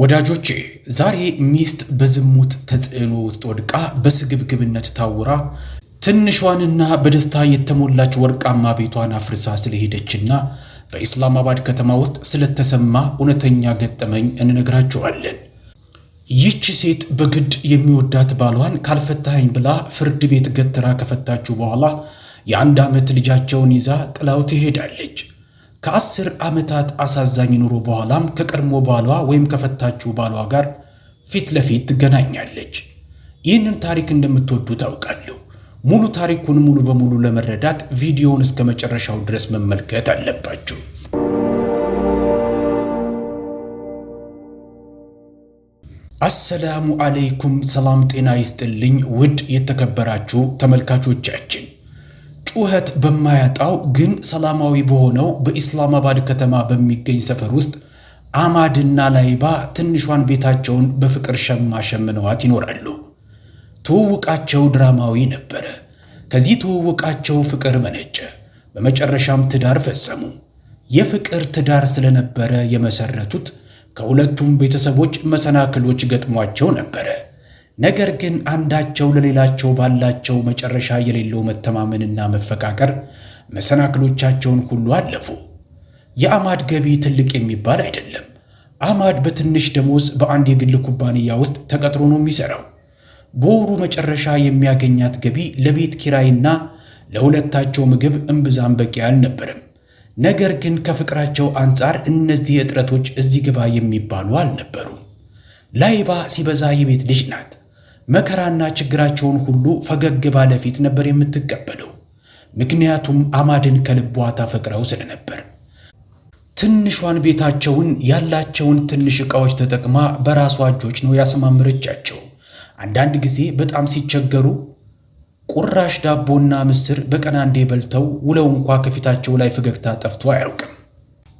ወዳጆቼ ዛሬ ሚስት በዝሙት ተጽዕኖ ውስጥ ወድቃ በስግብግብነት ታውራ ትንሿንና በደስታ የተሞላች ወርቃማ ቤቷን አፍርሳ ስለሄደችና በኢስላማባድ ከተማ ውስጥ ስለተሰማ እውነተኛ ገጠመኝ እንነግራችኋለን። ይህች ሴት በግድ የሚወዳት ባሏን ካልፈታኝ ብላ ፍርድ ቤት ገትራ ከፈታችሁ በኋላ የአንድ ዓመት ልጃቸውን ይዛ ጥላው ትሄዳለች። ከአስር ዓመታት አሳዛኝ ኑሮ በኋላም ከቀድሞ ባሏ ወይም ከፈታችው ባሏ ጋር ፊት ለፊት ትገናኛለች። ይህንን ታሪክ እንደምትወዱ ታውቃለሁ። ሙሉ ታሪኩን ሙሉ በሙሉ ለመረዳት ቪዲዮውን እስከ መጨረሻው ድረስ መመልከት አለባችሁ። አሰላሙ አለይኩም ሰላም ጤና ይስጥልኝ ውድ የተከበራችሁ ተመልካቾቻችን ጩኸት በማያጣው ግን ሰላማዊ በሆነው በኢስላማባድ ከተማ በሚገኝ ሰፈር ውስጥ አማድና ላይባ ትንሿን ቤታቸውን በፍቅር ሸማ ሸምነዋት ይኖራሉ። ትውውቃቸው ድራማዊ ነበረ። ከዚህ ትውውቃቸው ፍቅር መነጨ። በመጨረሻም ትዳር ፈጸሙ። የፍቅር ትዳር ስለነበረ የመሰረቱት ከሁለቱም ቤተሰቦች መሰናክሎች ገጥሟቸው ነበረ። ነገር ግን አንዳቸው ለሌላቸው ባላቸው መጨረሻ የሌለው መተማመንና መፈቃቀር መሰናክሎቻቸውን ሁሉ አለፉ። የአማድ ገቢ ትልቅ የሚባል አይደለም። አማድ በትንሽ ደሞዝ በአንድ የግል ኩባንያ ውስጥ ተቀጥሮ ነው የሚሰራው። በወሩ መጨረሻ የሚያገኛት ገቢ ለቤት ኪራይና ለሁለታቸው ምግብ እምብዛም በቂ አልነበረም። ነገር ግን ከፍቅራቸው አንጻር እነዚህ እጥረቶች እዚህ ግባ የሚባሉ አልነበሩም። ላይባ ሲበዛ የቤት ልጅ ናት። መከራና ችግራቸውን ሁሉ ፈገግ ባለፊት ነበር የምትቀበለው። ምክንያቱም አማድን ከልቧ ታፈቅረው ስለነበር። ትንሿን ቤታቸውን ያላቸውን ትንሽ ዕቃዎች ተጠቅማ በራሷ እጆች ነው ያሰማምረቻቸው። አንዳንድ ጊዜ በጣም ሲቸገሩ ቁራሽ ዳቦና ምስር በቀን አንዴ በልተው ውለው እንኳ ከፊታቸው ላይ ፈገግታ ጠፍቶ አያውቅም።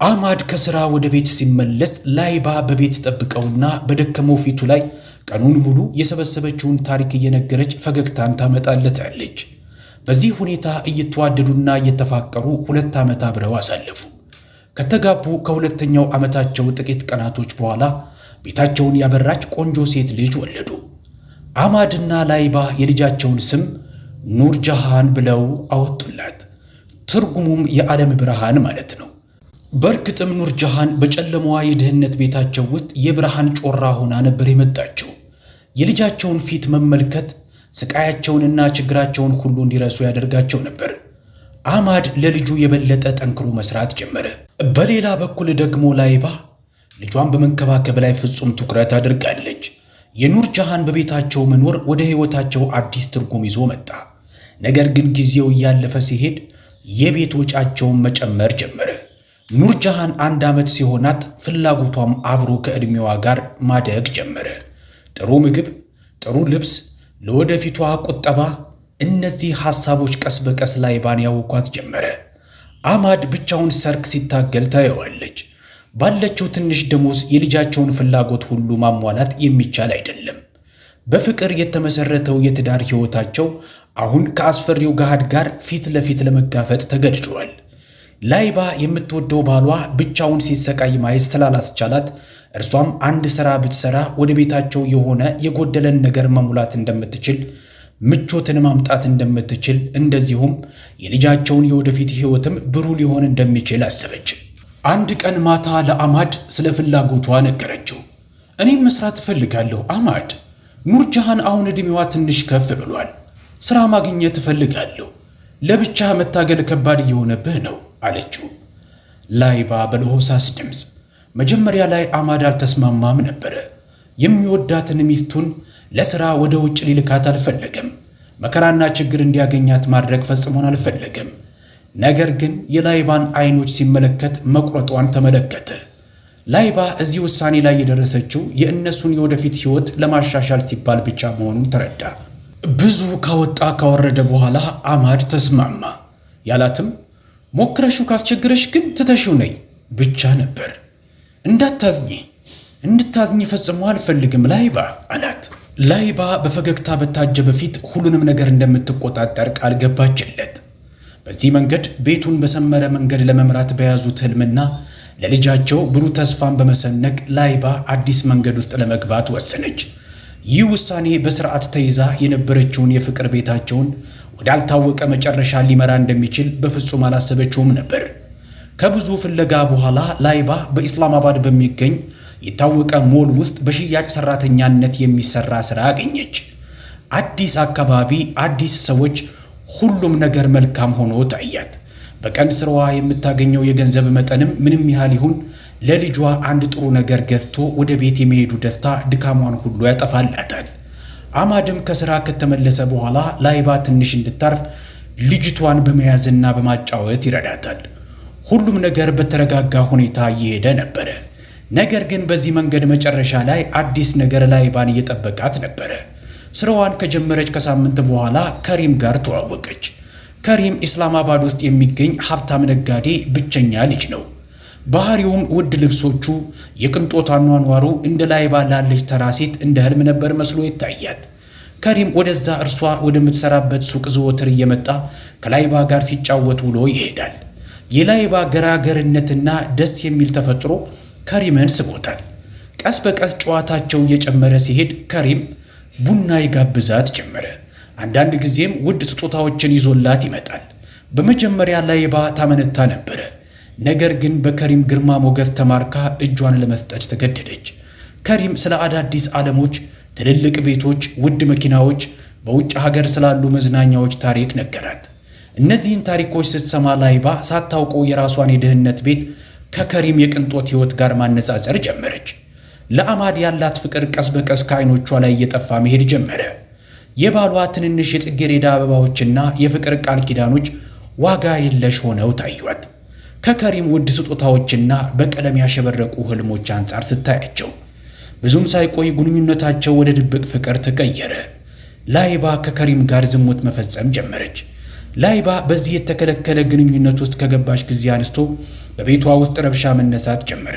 አማድ ከሥራ ወደ ቤት ሲመለስ ላይባ በቤት ጠብቀውና በደከመው ፊቱ ላይ ቀኑን ሙሉ የሰበሰበችውን ታሪክ እየነገረች ፈገግታን ታመጣለታለች። በዚህ ሁኔታ እየተዋደዱና እየተፋቀሩ ሁለት ዓመት አብረው አሳለፉ። ከተጋቡ ከሁለተኛው ዓመታቸው ጥቂት ቀናቶች በኋላ ቤታቸውን ያበራች ቆንጆ ሴት ልጅ ወለዱ። አማድና ላይባ የልጃቸውን ስም ኑር ጃሃን ብለው አወጡላት። ትርጉሙም የዓለም ብርሃን ማለት ነው። በእርግጥም ኑር ጃሃን በጨለማዋ የድህነት ቤታቸው ውስጥ የብርሃን ጮራ ሆና ነበር የመጣቸው። የልጃቸውን ፊት መመልከት ስቃያቸውንና ችግራቸውን ሁሉ እንዲረሱ ያደርጋቸው ነበር። አማድ ለልጁ የበለጠ ጠንክሮ መስራት ጀመረ። በሌላ በኩል ደግሞ ላይባ ልጇን በመንከባከብ ላይ ፍጹም ትኩረት አድርጋለች። የኑር ጃሃን በቤታቸው መኖር ወደ ሕይወታቸው አዲስ ትርጉም ይዞ መጣ። ነገር ግን ጊዜው እያለፈ ሲሄድ የቤት ወጫቸውን መጨመር ጀመረ። ኑር ጃሃን አንድ ዓመት ሲሆናት ፍላጎቷም አብሮ ከዕድሜዋ ጋር ማደግ ጀመረ። ጥሩ ምግብ፣ ጥሩ ልብስ፣ ለወደፊቷ ቁጠባ፣ እነዚህ ሐሳቦች ቀስ በቀስ ላይባን ያውኳት ጀመረ። አማድ ብቻውን ሰርክ ሲታገል ታየዋለች። ባለችው ትንሽ ደሞዝ የልጃቸውን ፍላጎት ሁሉ ማሟላት የሚቻል አይደለም። በፍቅር የተመሰረተው የትዳር ሕይወታቸው አሁን ከአስፈሪው ገሃድ ጋር ፊት ለፊት ለመጋፈጥ ተገድደዋል። ላይባ የምትወደው ባሏ ብቻውን ሲሰቃይ ማየት ስላላስቻላት እርሷም አንድ ሥራ ብትሠራ ወደ ቤታቸው የሆነ የጎደለን ነገር መሙላት እንደምትችል ምቾትን ማምጣት እንደምትችል እንደዚሁም የልጃቸውን የወደፊት ሕይወትም ብሩህ ሊሆን እንደሚችል አሰበች። አንድ ቀን ማታ ለአማድ ስለ ፍላጎቷ ነገረችው። እኔም መስራት እፈልጋለሁ አማድ፣ ኑርጃሃን አሁን ዕድሜዋ ትንሽ ከፍ ብሏል። ሥራ ማግኘት እፈልጋለሁ። ለብቻ መታገል ከባድ እየሆነብህ ነው አለችው ላይባ በለሆሳስ ድምፅ መጀመሪያ ላይ አማድ አልተስማማም ነበረ። የሚወዳትን ሚስቱን ለሥራ ወደ ውጭ ሊልካት አልፈለገም። መከራና ችግር እንዲያገኛት ማድረግ ፈጽሞን አልፈለገም። ነገር ግን የላይባን አይኖች ሲመለከት መቁረጧን ተመለከተ። ላይባ እዚህ ውሳኔ ላይ የደረሰችው የእነሱን የወደፊት ሕይወት ለማሻሻል ሲባል ብቻ መሆኑን ተረዳ። ብዙ ካወጣ ካወረደ በኋላ አማድ ተስማማ። ያላትም ሞክረሹ ካስቸግረሽ ግን ትተሽው ነይ ብቻ ነበር። እንዳታዝኝ እንድታዝኝ ፈጽሞ አልፈልግም ላይባ አላት። ላይባ በፈገግታ በታጀበ ፊት ሁሉንም ነገር እንደምትቆጣጠር ቃል ገባችለት። በዚህ መንገድ ቤቱን በሰመረ መንገድ ለመምራት በያዙት ህልምና ለልጃቸው ብሩህ ተስፋን በመሰነቅ ላይባ አዲስ መንገድ ውስጥ ለመግባት ወሰነች። ይህ ውሳኔ በስርዓት ተይዛ የነበረችውን የፍቅር ቤታቸውን ወዳልታወቀ መጨረሻ ሊመራ እንደሚችል በፍጹም አላሰበችውም ነበር። ከብዙ ፍለጋ በኋላ ላይባ በኢስላማባድ በሚገኝ የታወቀ ሞል ውስጥ በሽያጭ ሰራተኛነት የሚሰራ ስራ አገኘች። አዲስ አካባቢ፣ አዲስ ሰዎች፣ ሁሉም ነገር መልካም ሆኖ ታያት። በቀን ስራዋ የምታገኘው የገንዘብ መጠንም ምንም ያህል ይሁን ለልጇ አንድ ጥሩ ነገር ገዝቶ ወደ ቤት የመሄዱ ደስታ ድካሟን ሁሉ ያጠፋላታል። አማድም ከስራ ከተመለሰ በኋላ ላይባ ትንሽ እንድታርፍ ልጅቷን በመያዝና በማጫወት ይረዳታል። ሁሉም ነገር በተረጋጋ ሁኔታ እየሄደ ነበረ። ነገር ግን በዚህ መንገድ መጨረሻ ላይ አዲስ ነገር ላይባን እየጠበቃት ነበረ። ስራዋን ከጀመረች ከሳምንት በኋላ ከሪም ጋር ተዋወቀች። ከሪም ኢስላማባድ ውስጥ የሚገኝ ሀብታም ነጋዴ ብቸኛ ልጅ ነው። ባህሪውም ውድ ልብሶቹ፣ የቅንጦት አኗኗሩ እንደ ላይባ ላለች ተራ ሴት እንደ ህልም ነበር መስሎ ይታያት። ከሪም ወደዛ እርሷ ወደምትሰራበት ሱቅ ዘወትር እየመጣ ከላይባ ጋር ሲጫወት ውሎ ይሄዳል። የላይባ ገራገርነትና ደስ የሚል ተፈጥሮ ከሪምን ስቦታል። ቀስ በቀስ ጨዋታቸው እየጨመረ ሲሄድ ከሪም ቡና ይጋብዛት ጀመረ። አንዳንድ ጊዜም ውድ ስጦታዎችን ይዞላት ይመጣል። በመጀመሪያ ላይባ ታመነታ ነበረ። ነገር ግን በከሪም ግርማ ሞገስ ተማርካ እጇን ለመስጠት ተገደደች። ከሪም ስለ አዳዲስ ዓለሞች፣ ትልልቅ ቤቶች፣ ውድ መኪናዎች፣ በውጭ ሀገር ስላሉ መዝናኛዎች ታሪክ ነገራት። እነዚህን ታሪኮች ስትሰማ ላይባ ሳታውቀው የራሷን የድህነት ቤት ከከሪም የቅንጦት ሕይወት ጋር ማነጻጸር ጀመረች። ለአማድ ያላት ፍቅር ቀስ በቀስ ከዓይኖቿ ላይ እየጠፋ መሄድ ጀመረ። የባሏ ትንንሽ የጽጌሬዳ አበባዎችና የፍቅር ቃል ኪዳኖች ዋጋ የለሽ ሆነው ታዩት። ከከሪም ውድ ስጦታዎችና በቀለም ያሸበረቁ ህልሞች አንጻር ስታያቸው ብዙም ሳይቆይ ግንኙነታቸው ወደ ድብቅ ፍቅር ተቀየረ። ላይባ ከከሪም ጋር ዝሙት መፈጸም ጀመረች። ላይባ በዚህ የተከለከለ ግንኙነት ውስጥ ከገባች ጊዜ አንስቶ በቤቷ ውስጥ ረብሻ መነሳት ጀመረ።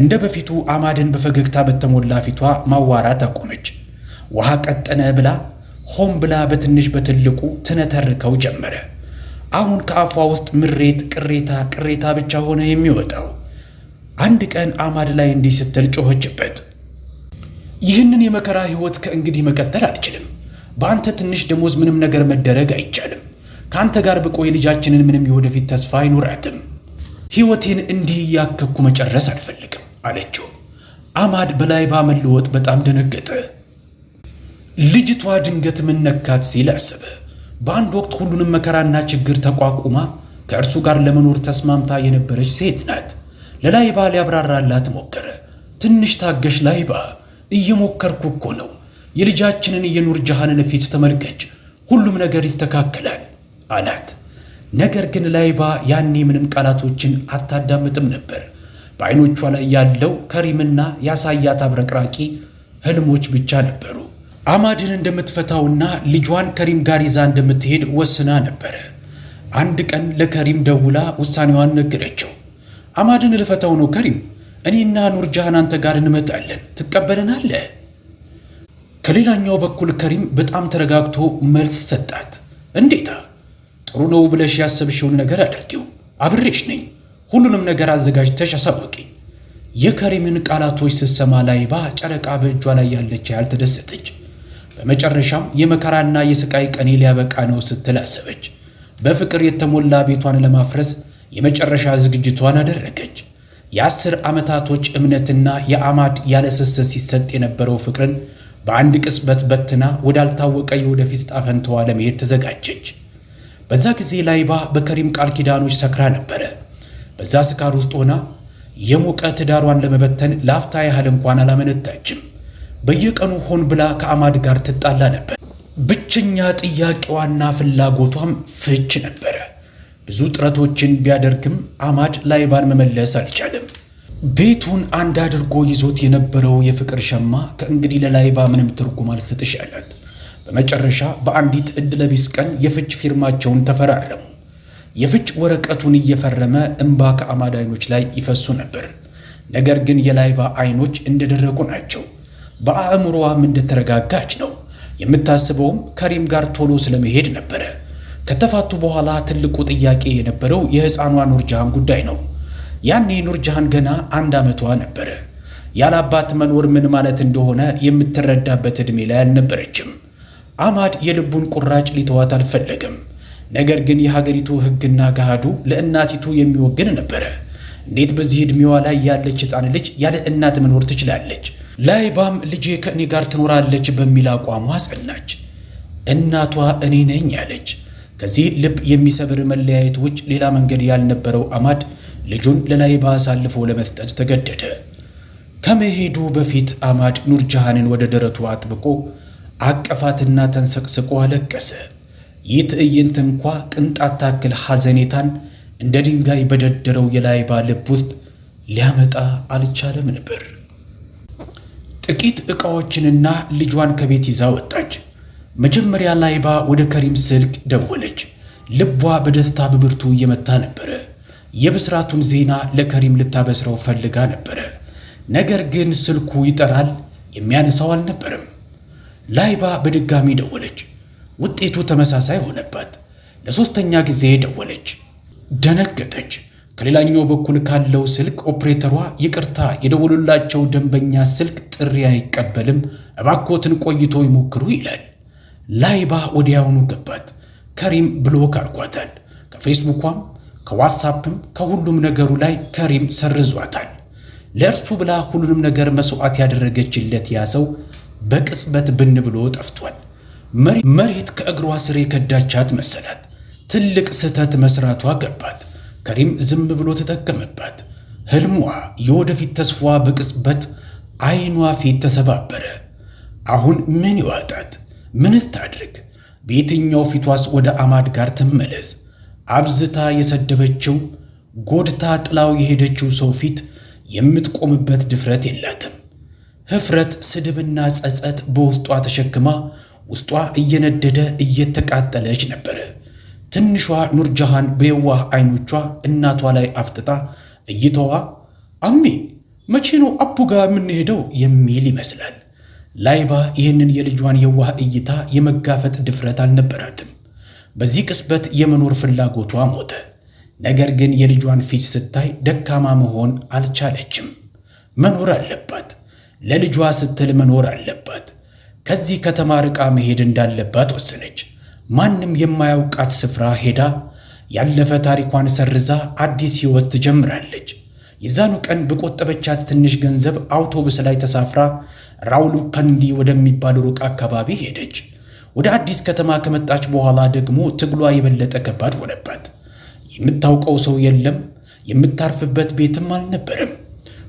እንደ በፊቱ አማድን በፈገግታ በተሞላ ፊቷ ማዋራት አቆመች። ውሃ ቀጠነ ብላ ሆም ብላ በትንሽ በትልቁ ትነተርከው ጀመረ። አሁን ከአፏ ውስጥ ምሬት፣ ቅሬታ፣ ቅሬታ ብቻ ሆነ የሚወጣው። አንድ ቀን አማድ ላይ እንዲህ ስትል ጮኸችበት። ይህንን የመከራ ሕይወት ከእንግዲህ መቀጠል አልችልም። በአንተ ትንሽ ደሞዝ ምንም ነገር መደረግ አይቻልም። ከአንተ ጋር ብቆይ ልጃችንን ምንም የወደፊት ተስፋ አይኖራትም። ሕይወቴን እንዲህ እያከኩ መጨረስ አልፈልግም አለችው። አማድ በላይ ባመለወጥ በጣም ደነገጠ። ልጅቷ ድንገት ምነካት ሲል አስበ። በአንድ ወቅት ሁሉንም መከራና ችግር ተቋቁማ ከእርሱ ጋር ለመኖር ተስማምታ የነበረች ሴት ናት። ለላይባ ሊያብራራላት ሞከረ። ትንሽ ታገሽ ላይባ፣ እየሞከርኩ እኮ ነው። የልጃችንን የኑር ጃሃንን ፊት ተመልከች። ሁሉም ነገር ይስተካከላል አላት። ነገር ግን ላይባ ያኔ ምንም ቃላቶችን አታዳምጥም ነበር። በአይኖቿ ላይ ያለው ከሪምና ያሳያት አብረቅራቂ ህልሞች ብቻ ነበሩ። አማድን እንደምትፈታውና ልጇን ከሪም ጋር ይዛ እንደምትሄድ ወስና ነበረ። አንድ ቀን ለከሪም ደውላ ውሳኔዋን ነገረችው። አማድን ልፈታው ነው ከሪም፣ እኔና ኑርጃሃን አንተ ጋር እንመጣለን፣ ትቀበለናለህ? ከሌላኛው በኩል ከሪም በጣም ተረጋግቶ መልስ ሰጣት። እንዴታ ጥሩ ነው ብለሽ ያሰብሽውን ነገር አድርጊው። አብሬሽ ነኝ። ሁሉንም ነገር አዘጋጅተሽ አሳወቂኝ። የከሪምን ቃላቶች ስትሰማ ላይባ ጨረቃ በእጇ ላይ ያለች ያህል ተደሰተች። በመጨረሻም የመከራና የስቃይ ቀኔ ሊያበቃ ነው ስትል አሰበች። በፍቅር የተሞላ ቤቷን ለማፍረስ የመጨረሻ ዝግጅቷን አደረገች። የአስር ዓመታቶች እምነትና የአማድ ያለስሰ ሲሰጥ የነበረው ፍቅርን በአንድ ቅጽበት በትና ወዳልታወቀ የወደፊት ጣፈንተዋ ለመሄድ ተዘጋጀች። በዛ ጊዜ ላይባ በከሪም ቃል ኪዳኖች ሰክራ ነበረ። በዛ ስካር ውስጥ ሆና የሞቀ ትዳሯን ለመበተን ላፍታ ያህል እንኳን አላመነታችም። በየቀኑ ሆን ብላ ከአማድ ጋር ትጣላ ነበር። ብቸኛ ጥያቄዋና ፍላጎቷም ፍች ነበረ። ብዙ ጥረቶችን ቢያደርግም አማድ ላይባን መመለስ አልቻለም። ቤቱን አንድ አድርጎ ይዞት የነበረው የፍቅር ሸማ ከእንግዲህ ለላይባ ምንም ትርጉም አልሰጥሽ በመጨረሻ በአንዲት ዕድለቢስ ቀን የፍች ፊርማቸውን ተፈራረሙ። የፍች ወረቀቱን እየፈረመ እምባ ከአማድ አይኖች ላይ ይፈሱ ነበር። ነገር ግን የላይባ አይኖች እንደደረቁ ናቸው። በአእምሮዋም እንደተረጋጋች ነው። የምታስበውም ከሪም ጋር ቶሎ ስለመሄድ ነበረ። ከተፋቱ በኋላ ትልቁ ጥያቄ የነበረው የሕፃኗ ኑርጃሃን ጉዳይ ነው። ያኔ ኑርጃሃን ገና አንድ ዓመቷ ነበረ። ያለ አባት መኖር ምን ማለት እንደሆነ የምትረዳበት ዕድሜ ላይ አልነበረችም። አማድ የልቡን ቁራጭ ሊተዋት አልፈለገም። ነገር ግን የሀገሪቱ ሕግና ገሃዱ ለእናቲቱ የሚወግን ነበረ። እንዴት በዚህ ዕድሜዋ ላይ ያለች ሕፃን ልጅ ያለ እናት መኖር ትችላለች? ላይባም ልጄ ከእኔ ጋር ትኖራለች በሚል አቋሟ ጸናች። እናቷ እኔ ነኝ አለች። ከዚህ ልብ የሚሰብር መለያየት ውጭ ሌላ መንገድ ያልነበረው አማድ ልጁን ለላይባ አሳልፎ ለመስጠት ተገደደ። ከመሄዱ በፊት አማድ ኑርጃሃንን ወደ ደረቱ አጥብቆ አቀፋትና ተንሰቅስቆ አለቀሰ። ይህ ትዕይንት እንኳ ቅንጣት ታክል ሐዘኔታን እንደ ድንጋይ በደደረው የላይባ ልብ ውስጥ ሊያመጣ አልቻለም ነበር። ጥቂት ዕቃዎችንና ልጇን ከቤት ይዛ ወጣች። መጀመሪያ ላይባ ወደ ከሪም ስልክ ደወለች። ልቧ በደስታ በብርቱ እየመታ ነበረ። የብስራቱን ዜና ለከሪም ልታበስረው ፈልጋ ነበረ። ነገር ግን ስልኩ ይጠራል፣ የሚያነሳው አልነበረም። ላይባ በድጋሚ ደወለች። ውጤቱ ተመሳሳይ ሆነባት። ለሦስተኛ ጊዜ ደወለች። ደነገጠች። ከሌላኛው በኩል ካለው ስልክ ኦፕሬተሯ ይቅርታ፣ የደወሉላቸው ደንበኛ ስልክ ጥሪ አይቀበልም፣ እባኮትን ቆይቶ ይሞክሩ ይላል። ላይባ ወዲያውኑ ገባት። ከሪም ብሎክ አድርጓታል። ከፌስቡኳም ከዋትሳፕም ከሁሉም ነገሩ ላይ ከሪም ሰርዟታል። ለእርሱ ብላ ሁሉንም ነገር መስዋዕት ያደረገችለት ያ ሰው በቅጽበት ብን ብሎ ጠፍቷል። መሬት ከእግሯ ስር የከዳቻት መሰላት። ትልቅ ስህተት መስራቷ ገባት። ከሪም ዝም ብሎ ተጠቀመባት። ህልሟ፣ የወደፊት ተስፏ በቅጽበት አይኗ ፊት ተሰባበረ። አሁን ምን ይዋጣት? ምንስ ታድርግ? በየትኛው ፊቷስ ወደ አማድ ጋር ትመለስ? አብዝታ የሰደበችው ጎድታ ጥላው የሄደችው ሰው ፊት የምትቆምበት ድፍረት የላትም። ኅፍረት፣ ስድብና ጸጸት በውስጧ ተሸክማ ውስጧ እየነደደ እየተቃጠለች ነበር። ትንሿ ኑርጃሃን በየዋህ አይኖቿ እናቷ ላይ አፍጥጣ እይታዋ አሜ መቼ ነው አቡ ጋር የምንሄደው የሚል ይመስላል። ላይባ ይህንን የልጇን የዋህ እይታ የመጋፈጥ ድፍረት አልነበራትም። በዚህ ቅስበት የመኖር ፍላጎቷ ሞተ። ነገር ግን የልጇን ፊት ስታይ ደካማ መሆን አልቻለችም። መኖር አለባት። ለልጇ ስትል መኖር አለባት። ከዚህ ከተማ ርቃ መሄድ እንዳለባት ወሰነች። ማንም የማያውቃት ስፍራ ሄዳ ያለፈ ታሪኳን ሰርዛ አዲስ ሕይወት ትጀምራለች። የዛኑ ቀን በቆጠበቻት ትንሽ ገንዘብ አውቶቡስ ላይ ተሳፍራ ፐንዲ ወደሚባል ሩቅ አካባቢ ሄደች። ወደ አዲስ ከተማ ከመጣች በኋላ ደግሞ ትግሏ የበለጠ ከባድ ሆነባት። የምታውቀው ሰው የለም፣ የምታርፍበት ቤትም አልነበረም።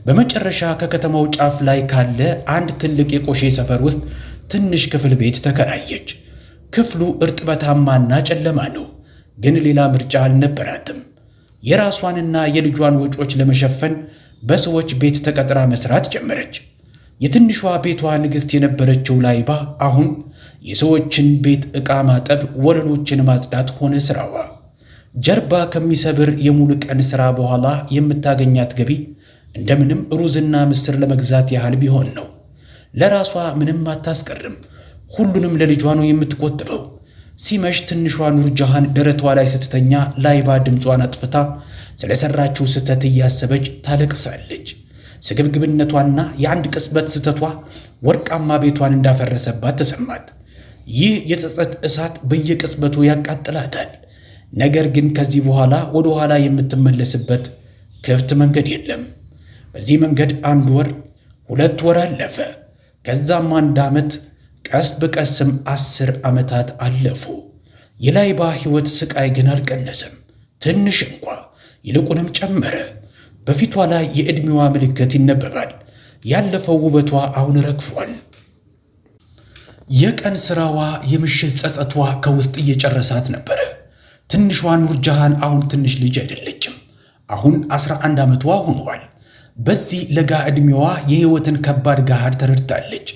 በመጨረሻ ከከተማው ጫፍ ላይ ካለ አንድ ትልቅ የቆሼ ሰፈር ውስጥ ትንሽ ክፍል ቤት ተከራየች። ክፍሉ እርጥበታማና ጨለማ ነው፣ ግን ሌላ ምርጫ አልነበራትም። የራሷንና የልጇን ወጪዎች ለመሸፈን በሰዎች ቤት ተቀጥራ መስራት ጀመረች። የትንሿ ቤቷ ንግሥት የነበረችው ላይባ አሁን የሰዎችን ቤት ዕቃ ማጠብ፣ ወለሎችን ማጽዳት ሆነ ሥራዋ። ጀርባ ከሚሰብር የሙሉ ቀን ሥራ በኋላ የምታገኛት ገቢ እንደምንም ሩዝና ምስር ለመግዛት ያህል ቢሆን ነው። ለራሷ ምንም አታስቀርም። ሁሉንም ለልጇ ነው የምትቆጥበው። ሲመሽ ትንሿ ኑርጃሃን ደረቷ ላይ ስትተኛ ላይባ ድምጿን አጥፍታ ስለሰራችው ስህተት እያሰበች ታለቅሳለች። ስግብግብነቷና የአንድ ቅጽበት ስህተቷ ወርቃማ ቤቷን እንዳፈረሰባት ተሰማት። ይህ የጸጸት እሳት በየቅጽበቱ ያቃጥላታል። ነገር ግን ከዚህ በኋላ ወደ ኋላ የምትመለስበት ክፍት መንገድ የለም። በዚህ መንገድ አንድ ወር ሁለት ወር አለፈ። ከዛም አንድ ዓመት ቀስ በቀስም አስር ዓመታት አለፉ። የላይባ ሕይወት ሥቃይ ግን አልቀነሰም፣ ትንሽ እንኳ ይልቁንም ጨመረ። በፊቷ ላይ የዕድሜዋ ምልክት ይነበባል። ያለፈው ውበቷ አሁን ረግፏል። የቀን ሥራዋ፣ የምሽት ጸጸቷ ከውስጥ እየጨረሳት ነበረ። ትንሿ ኑርጃሃን አሁን ትንሽ ልጅ አይደለችም። አሁን 11 ዓመቷ ሆኗል። በዚህ ለጋ ዕድሜዋ የሕይወትን ከባድ ገሃድ ተረድታለች።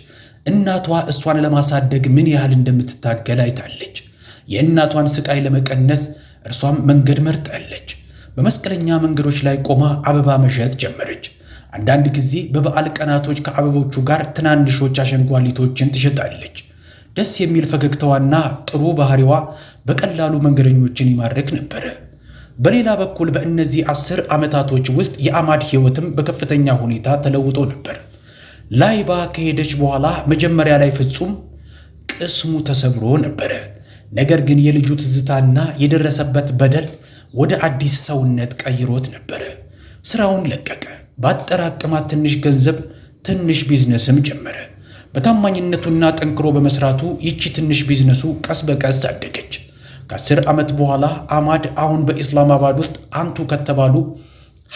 እናቷ እሷን ለማሳደግ ምን ያህል እንደምትታገል አይታለች። የእናቷን ስቃይ ለመቀነስ እርሷም መንገድ መርጣለች። በመስቀለኛ መንገዶች ላይ ቆማ አበባ መሸጥ ጀመረች። አንዳንድ ጊዜ በበዓል ቀናቶች ከአበቦቹ ጋር ትናንሾች አሸንጓሊቶችን ትሸጣለች። ደስ የሚል ፈገግታዋና ጥሩ ባህሪዋ በቀላሉ መንገደኞችን ይማርክ ነበረ። በሌላ በኩል በእነዚህ አስር ዓመታቶች ውስጥ የአማድ ሕይወትም በከፍተኛ ሁኔታ ተለውጦ ነበር። ላይባ ከሄደች በኋላ መጀመሪያ ላይ ፍጹም ቅስሙ ተሰብሮ ነበረ። ነገር ግን የልጁ ትዝታና የደረሰበት በደል ወደ አዲስ ሰውነት ቀይሮት ነበረ። ስራውን ለቀቀ። ባጠራቀማት ትንሽ ገንዘብ ትንሽ ቢዝነስም ጀመረ። በታማኝነቱና ጠንክሮ በመስራቱ ይቺ ትንሽ ቢዝነሱ ቀስ በቀስ አደገች። ከአስር ዓመት በኋላ አማድ አሁን በኢስላማባድ ውስጥ አንቱ ከተባሉ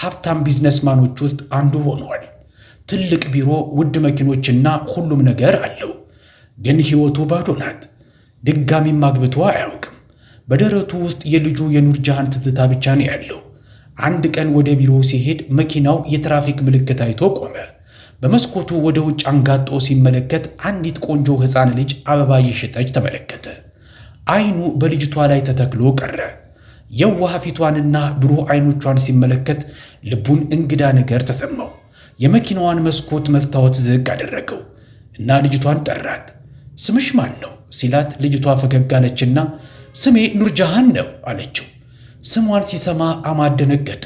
ሀብታም ቢዝነስማኖች ውስጥ አንዱ ሆኗል። ትልቅ ቢሮ፣ ውድ መኪኖችና ሁሉም ነገር አለው። ግን ሕይወቱ ባዶ ናት። ድጋሚም አግብቶ አያውቅም። በደረቱ ውስጥ የልጁ የኑር ጃሃን ትዝታ ብቻ ነው ያለው። አንድ ቀን ወደ ቢሮው ሲሄድ መኪናው የትራፊክ ምልክት አይቶ ቆመ። በመስኮቱ ወደ ውጭ አንጋጦ ሲመለከት አንዲት ቆንጆ ሕፃን ልጅ አበባ እየሸጠች ተመለከተ። አይኑ በልጅቷ ላይ ተተክሎ ቀረ። የዋህ ፊቷንና ብሩህ አይኖቿን ሲመለከት ልቡን እንግዳ ነገር ተሰማው። የመኪናዋን መስኮት መስታወት ዝቅ አደረገው እና ልጅቷን ጠራት። ስምሽ ማን ነው ሲላት ልጅቷ ፈገግ አለችና ስሜ ኑርጃሃን ነው አለችው። ስሟን ሲሰማ አማድ ደነገጠ።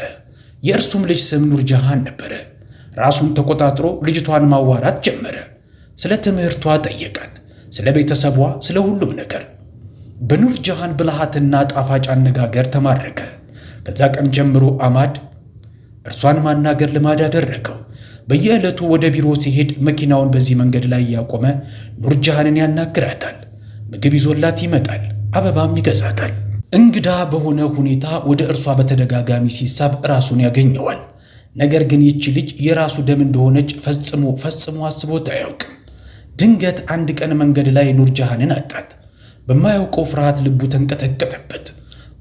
የእርሱም ልጅ ስም ኑርጃሃን ነበረ። ራሱን ተቆጣጥሮ ልጅቷን ማዋራት ጀመረ። ስለ ትምህርቷ ጠየቃት፣ ስለ ቤተሰቧ፣ ስለ ሁሉም ነገር በኑር ጃሃን ብልሃትና ጣፋጭ አነጋገር ተማረከ። ከዛ ቀን ጀምሮ አማድ እርሷን ማናገር ልማድ አደረገው። በየዕለቱ ወደ ቢሮ ሲሄድ መኪናውን በዚህ መንገድ ላይ እያቆመ ኑር ጃሃንን ያናግራታል። ምግብ ይዞላት ይመጣል፣ አበባም ይገዛታል። እንግዳ በሆነ ሁኔታ ወደ እርሷ በተደጋጋሚ ሲሳብ ራሱን ያገኘዋል። ነገር ግን ይቺ ልጅ የራሱ ደም እንደሆነች ፈጽሞ ፈጽሞ አስቦት አያውቅም። ድንገት አንድ ቀን መንገድ ላይ ኑር ጃሃንን አጣት። በማያውቀው ፍርሃት ልቡ ተንቀጠቀጠበት።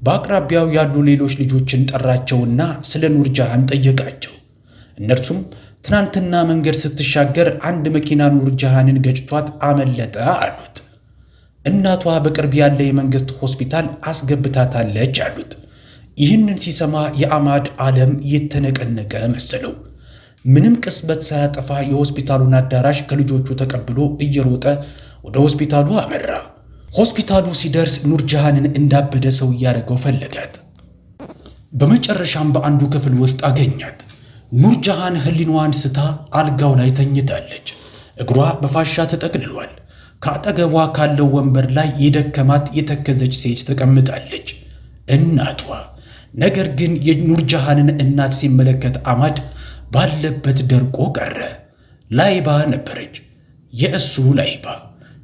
በአቅራቢያው ያሉ ሌሎች ልጆችን ጠራቸውና ስለ ኑርጃሃን ጠየቃቸው። እነርሱም ትናንትና መንገድ ስትሻገር አንድ መኪና ኑርጃሃንን ገጭቷት አመለጠ አሉት። እናቷ በቅርብ ያለ የመንግሥት ሆስፒታል አስገብታታለች አሉት። ይህንን ሲሰማ የአማድ ዓለም የተነቀነቀ መሰለው። ምንም ቅጽበት ሳያጠፋ የሆስፒታሉን አዳራሽ ከልጆቹ ተቀብሎ እየሮጠ ወደ ሆስፒታሉ አመራ። ሆስፒታሉ ሲደርስ ኑርጃሃንን እንዳበደ ሰው እያደረገው ፈለጋት። በመጨረሻም በአንዱ ክፍል ውስጥ አገኛት። ኑርጃሃን ህሊናዋን ስታ አልጋው ላይ ተኝታለች። እግሯ በፋሻ ተጠቅልሏል። ከአጠገቧ ካለው ወንበር ላይ የደከማት የተከዘች ሴት ተቀምጣለች፣ እናቷ። ነገር ግን የኑርጃሃንን እናት ሲመለከት አማድ ባለበት ደርቆ ቀረ። ላይባ ነበረች፣ የእሱ ላይባ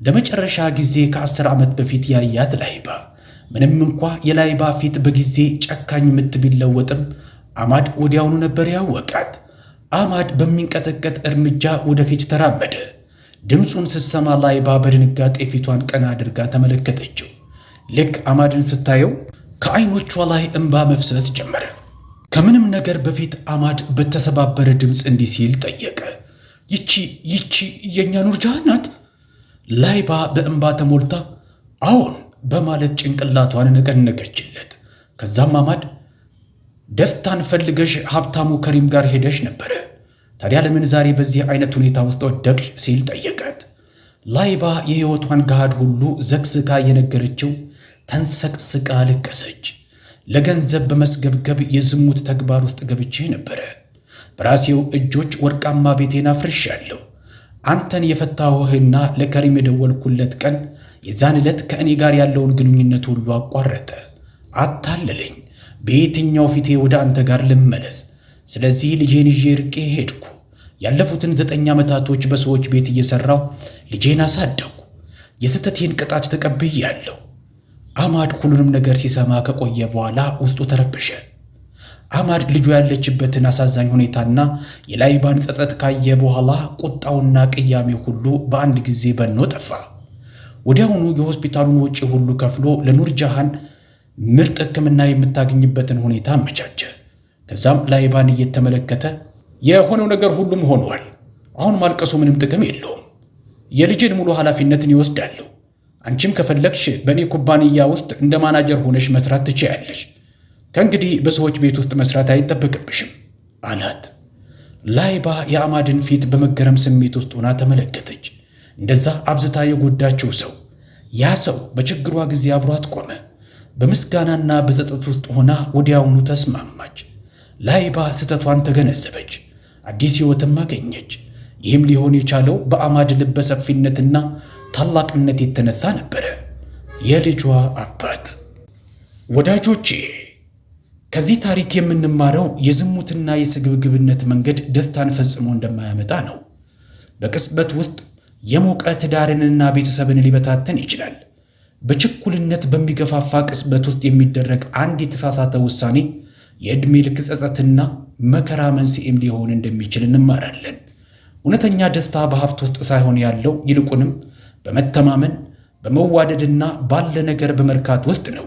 ለመጨረሻ ጊዜ ከአስር ዓመት በፊት ያያት ላይባ ምንም እንኳ የላይባ ፊት በጊዜ ጨካኝ ምት ቢለወጥም አማድ ወዲያውኑ ነበር ያወቃት። አማድ በሚንቀጠቀጥ እርምጃ ወደፊት ተራመደ። ድምፁን ስትሰማ ላይባ በድንጋጤ ፊቷን ቀና አድርጋ ተመለከተችው። ልክ አማድን ስታየው ከዓይኖቿ ላይ እንባ መፍሰስ ጀመረ። ከምንም ነገር በፊት አማድ በተሰባበረ ድምፅ እንዲህ ሲል ጠየቀ፣ ይቺ ይቺ የእኛ ኑርጃህ ናት? ላይባ በእንባ ተሞልታ አዎን በማለት ጭንቅላቷን ነቀነቀችለት። ከዛም አማድ ደስታን ፈልገሽ ሀብታሙ ከሪም ጋር ሄደሽ ነበረ። ታዲያ ለምን ዛሬ በዚህ አይነት ሁኔታ ውስጥ ወደቅሽ? ሲል ጠየቀት። ላይባ የሕይወቷን ገሃድ ሁሉ ዘግዝጋ የነገረችው ተንሰቅስቃ አለቀሰች። ለገንዘብ በመስገብገብ የዝሙት ተግባር ውስጥ ገብቼ ነበረ። በራሴው እጆች ወርቃማ ቤቴን አፍርሻለሁ አንተን የፈታሁህና ለከሪም የደወልኩለት ቀን የዛን ዕለት ከእኔ ጋር ያለውን ግንኙነት ሁሉ አቋረጠ፣ አታለለኝ። በየትኛው ፊቴ ወደ አንተ ጋር ልመለስ? ስለዚህ ልጄን ይዤ ርቄ ሄድኩ። ያለፉትን ዘጠኝ ዓመታቶች በሰዎች ቤት እየሠራሁ ልጄን አሳደግኩ። የስህተቴን ቅጣት ተቀብያለሁ። አማድ ሁሉንም ነገር ሲሰማ ከቆየ በኋላ ውስጡ ተረበሸ። አማድ ልጁ ያለችበትን አሳዛኝ ሁኔታና የላይባን ጸጸት ካየ በኋላ ቁጣውና ቅያሜ ሁሉ በአንድ ጊዜ በኖ ጠፋ። ወዲያውኑ የሆስፒታሉን ወጪ ሁሉ ከፍሎ ለኑር ጃሃን ምርጥ ሕክምና የምታገኝበትን ሁኔታ አመቻቸ። ከዛም ላይባን እየተመለከተ የሆነው ነገር ሁሉም ሆኗል። አሁን ማልቀሱ ምንም ጥቅም የለውም። የልጅን ሙሉ ኃላፊነትን ይወስዳለሁ። አንቺም ከፈለግሽ በእኔ ኩባንያ ውስጥ እንደ ማናጀር ሆነሽ መስራት ትችያለሽ ከእንግዲህ በሰዎች ቤት ውስጥ መስራት አይጠበቅብሽም አላት። ላይባ የአማድን ፊት በመገረም ስሜት ውስጥ ሆና ተመለከተች። እንደዛ አብዝታ የጎዳችው ሰው ያ ሰው በችግሯ ጊዜ አብሯት ቆመ። በምስጋናና በጸጸት ውስጥ ሆና ወዲያውኑ ተስማማች። ላይባ ስህተቷን ተገነዘበች፣ አዲስ ሕይወትም አገኘች። ይህም ሊሆን የቻለው በአማድ ሰፊነትና ታላቅነት የተነሳ ነበረ። የልጇ አባት ወዳጆቼ ከዚህ ታሪክ የምንማረው የዝሙትና የስግብግብነት መንገድ ደስታን ፈጽሞ እንደማያመጣ ነው። በቅጽበት ውስጥ የሞቀ ትዳርንና ቤተሰብን ሊበታትን ይችላል። በችኩልነት በሚገፋፋ ቅጽበት ውስጥ የሚደረግ አንድ የተሳሳተ ውሳኔ የዕድሜ ልክ ጸጸትና መከራ መንስኤም ሊሆን እንደሚችል እንማራለን። እውነተኛ ደስታ በሀብት ውስጥ ሳይሆን ያለው ይልቁንም በመተማመን በመዋደድና ባለ ነገር በመርካት ውስጥ ነው።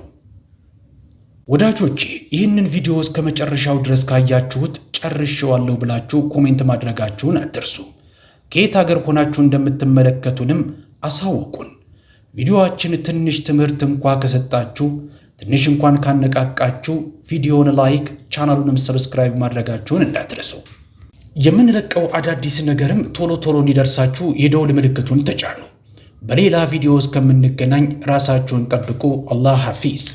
ወዳጆቼ ይህንን ቪዲዮ እስከ መጨረሻው ድረስ ካያችሁት ጨርሼዋለሁ ብላችሁ ኮሜንት ማድረጋችሁን አትርሱ። ከየት አገር ሆናችሁ እንደምትመለከቱንም አሳውቁን። ቪዲዮአችን ትንሽ ትምህርት እንኳ ከሰጣችሁ ትንሽ እንኳን ካነቃቃችሁ ቪዲዮውን ላይክ፣ ቻናሉንም ሰብስክራይብ ማድረጋችሁን እንዳትረሱ። የምንለቀው አዳዲስ ነገርም ቶሎ ቶሎ እንዲደርሳችሁ የደውል ምልክቱን ተጫኑ። በሌላ ቪዲዮ እስከምንገናኝ ራሳችሁን ጠብቁ። አላህ ሐፊዝ